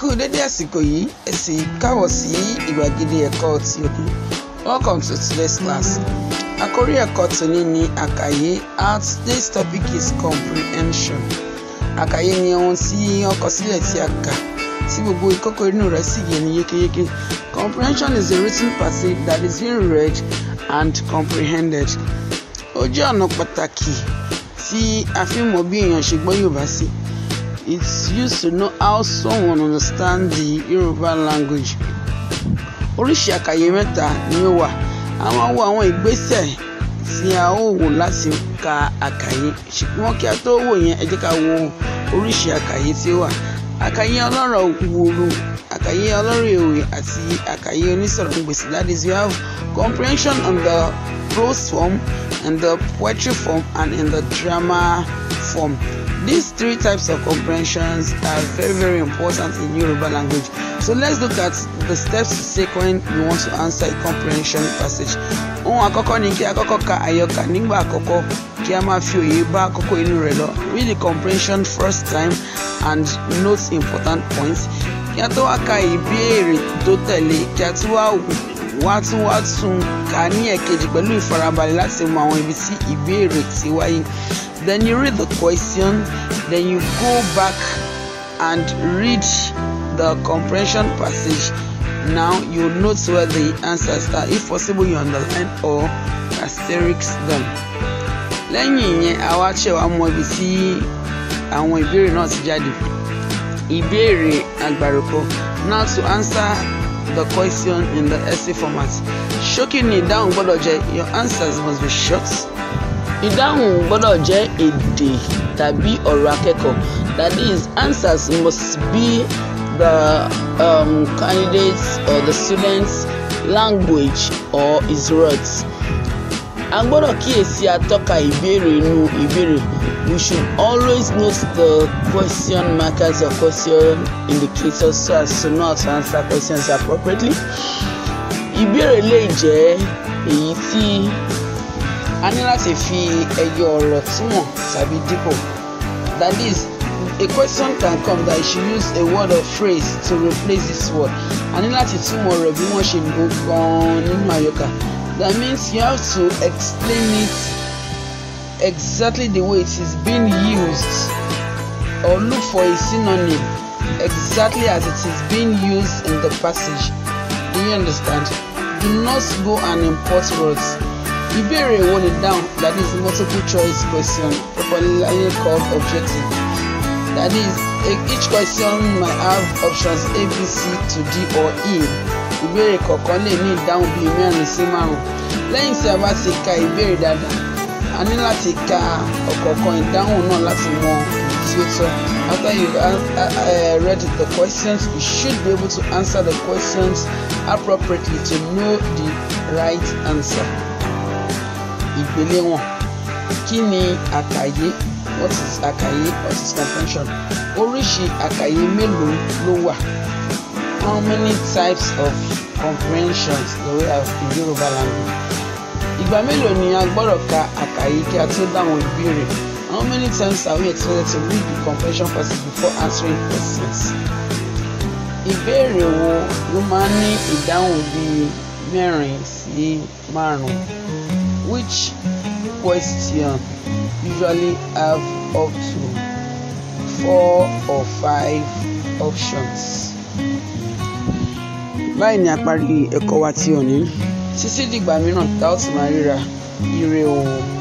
kú dédé àsìkò yìí ẹ sì sí ìgbàgede ẹ̀kọ́ ti òní welcome to today's class àkórí ẹ̀kọ́ tòní ni àkàyé at this topic is comprehension àkàyé ni ohun tí wọ́n kọ sílẹ̀ tí a kà tí gbogbo ìkókó inú rẹ̀ sì yé ni yékéyéké comprehension is a written passage that is being read and comprehended ó jẹ́ ọ̀nà pàtàkì tí a fi mọ̀ bí èèyàn ṣe gbọ́ Yorùbá sí. Si it's used to know how someone understand the Yoruba language. oríṣi àkàyè mẹ́ta ni ó wà àwọn awo àwọn ìgbésẹ̀ tí a ó wò láti ka àkàyè ṣùgbọ́n kí a tó wò yẹn ẹ jẹ́ ká wo oríṣi àkàyè tí ó wà àkàyè ọlọ́rọ̀ wòlò àkàyè ọlọ́rọ̀ èwe àti àkàyè onísọ̀rọ̀ gbèsè that is you have comprehension on the prose form and the poetry form and in the drama form. These three types of comprehensions are very, very important in Yoruba language. So let's look at the steps sequence you want to answer a comprehension passage. Ohun àkọ́kọ́ ni kí a kọ́kọ́ ka àyọkà nígbà àkọ́kọ́ kí a máa fi òye bá àkókò inú rẹ̀ lọ. Read the comprehension first time and note important points. Kí a tó wá ka ìbéèrè tó tẹ̀lé kí a tún wá wò wá tún wá tún kà ní ẹ̀kejì pẹ̀lú ìfarabalẹ̀ láti mọ àwọn ibi tí ìbéèrè ti wáyé then you read the question then you go back and read the comprehension passage now you note where the answers are if possible you underline or asterisk them lẹ́yìn ìyẹn àwa ṣe wàá mọ ibi tí àwọn ìbéèrè náà ti jáde ìbéèrè àgbàrúkọ now to answer the question in the essay format ṣókí ni ìdáhùn gbọ́dọ̀ jẹ́ your answers must be short Ìdáhùn gbọ́dọ̀ jẹ́ èdè tàbí ọ̀rọ̀ akẹ́kọ̀ọ́ that is, answers must be the um, candidate's or the student's language or his rote. A gbọ́dọ̀ kíyèsí atọ́ka ìbéèrè inú ìbéèrè. We should always note the question markers or question indicators so as to know how to answer questions appropriately. Ìbéèrè lè jẹ́ èyí tí a ní láti fi ẹyọ ọ̀rọ̀ túmọ̀ tàbí dípò that is a question can come that you should use a word or phrase to replace this word a ní láti túmọ̀ rẹ̀ bí wọ́n ṣe lò gan-an nínú àyọkà that means you have to explain it exactly the way it is being used or look for a synonym exactly as it is being used in the passage do you understand do not go and import words ìbéèrè wo ni down that is multiple choice question popularly called objective that is e- each question might have options a b c to d or e ìbéèrè kọ̀ọ̀kan lè ní ìdáhùn bíi mẹ́rin sí márùn-ún lẹ́yìn tí a bá ti ka ìbéèrè dáadáa a ní láti ka ọ̀kọ̀ọ̀kan ìdáhùn náà láti mọ èyí tí ó tọ́ after you have uh, read the questions you should be able to answer the questions appropriately to know the right answer ìgbéléwọ̀n kí ni àkàyé what is àkàyé what is comprehension oríṣi àkàyé mélòó ló wà how many types of comprehensions do we have in Yoruba language ìgbà mélòó ni a gbọ́dọ̀ ka àkàyé kí a tó dáhùn ìbéèrè how many times are we expected to read the comprehension passage before answering questions ìbéèrè wo ló máa ń ní ìdáhùn bíi mẹ́rin sí márùn-ún which question usually have up to four or five options. báyìí ni a parí ẹ̀kọ́ wa ti òní títí dìgbà mìíràn tá ó ti máa ríra ire o.